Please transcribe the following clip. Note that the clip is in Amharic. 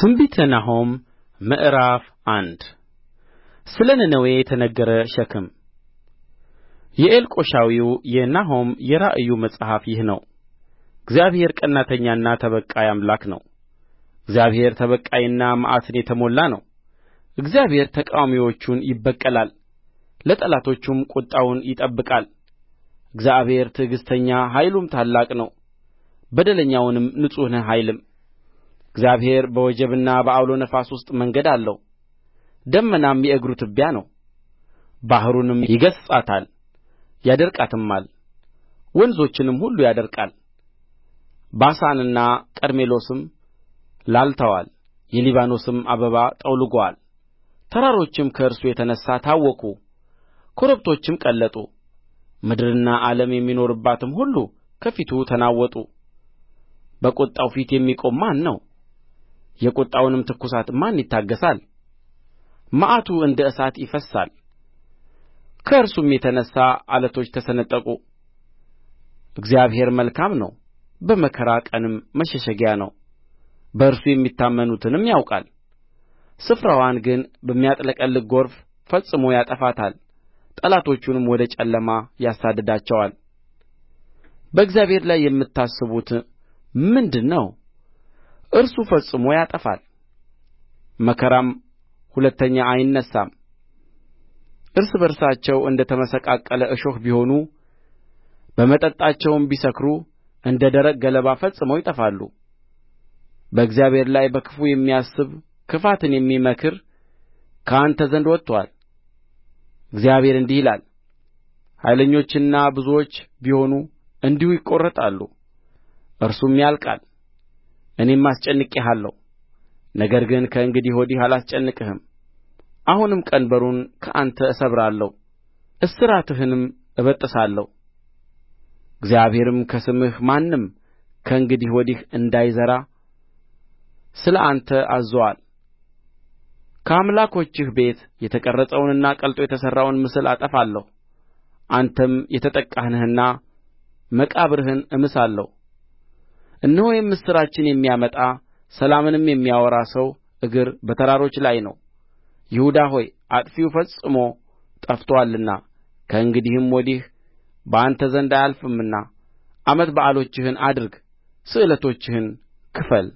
ትንቢተ ናሆም ምዕራፍ አንድ ስለ ነነዌ የተነገረ ሸክም። የኤልቆሻዊው የናሆም የራእዩ መጽሐፍ ይህ ነው። እግዚአብሔር ቀናተኛና ተበቃይ አምላክ ነው። እግዚአብሔር ተበቃይና መዓትን የተሞላ ነው። እግዚአብሔር ተቃዋሚዎቹን ይበቀላል፣ ለጠላቶቹም ቍጣውን ይጠብቃል። እግዚአብሔር ትዕግሥተኛ ኃይሉም ታላቅ ነው፣ በደለኛውንም ንጹሕ ነህ አይልም። እግዚአብሔር በወጀብና በዐውሎ ነፋስ ውስጥ መንገድ አለው ደመናም የእግሩ ትቢያ ነው ባሕሩንም ይገሥጻታል ያደርቃትማል ወንዞችንም ሁሉ ያደርቃል ባሳንና ቀርሜሎስም ላልተዋል የሊባኖስም አበባ ጠውልጎአል ተራሮችም ከእርሱ የተነሣ ታወኩ ኮረብቶችም ቀለጡ ምድርና ዓለም የሚኖርባትም ሁሉ ከፊቱ ተናወጡ በቍጣው ፊት የሚቆም ማን ነው የቍጣውንም ትኵሳት ማን ይታገሣል መዓቱ እንደ እሳት ይፈስሳል ከእርሱም የተነሣ ዓለቶች ተሰነጠቁ እግዚአብሔር መልካም ነው በመከራ ቀንም መሸሸጊያ ነው በእርሱ የሚታመኑትንም ያውቃል ስፍራዋን ግን በሚያጥለቀልቅ ጎርፍ ፈጽሞ ያጠፋታል ጠላቶቹንም ወደ ጨለማ ያሳድዳቸዋል በእግዚአብሔር ላይ የምታስቡት ምንድር ነው እርሱ ፈጽሞ ያጠፋል መከራም ሁለተኛ አይነሣም እርስ በርሳቸው እንደ ተመሰቃቀለ እሾህ ቢሆኑ በመጠጣቸውም ቢሰክሩ እንደ ደረቅ ገለባ ፈጽመው ይጠፋሉ በእግዚአብሔር ላይ በክፉ የሚያስብ ክፋትን የሚመክር ከአንተ ዘንድ ወጥቶአል እግዚአብሔር እንዲህ ይላል ኃይለኞችና ብዙዎች ቢሆኑ እንዲሁ ይቈረጣሉ እርሱም ያልቃል እኔም አስጨንቄሃለሁ ነገር ግን ከእንግዲህ ወዲህ አላስጨንቅህም አሁንም ቀንበሩን ከአንተ እሰብራለሁ እስራትህንም እበጥሳለሁ እግዚአብሔርም ከስምህ ማንም ከእንግዲህ ወዲህ እንዳይዘራ ስለ አንተ አዝዞአል ከአምላኮችህ ቤት የተቀረጸውንና ቀልጦ የተሠራውን ምስል አጠፋለሁ አንተም የተጠቃህ ነህና መቃብርህን እምሳለሁ እነሆ የምስራችን የሚያመጣ ሰላምንም የሚያወራ ሰው እግር በተራሮች ላይ ነው ይሁዳ ሆይ አጥፊው ፈጽሞ ጠፍቶአልና ከእንግዲህም ወዲህ በአንተ ዘንድ አያልፍምና ዓመት በዓሎችህን አድርግ ስእለቶችህን ክፈል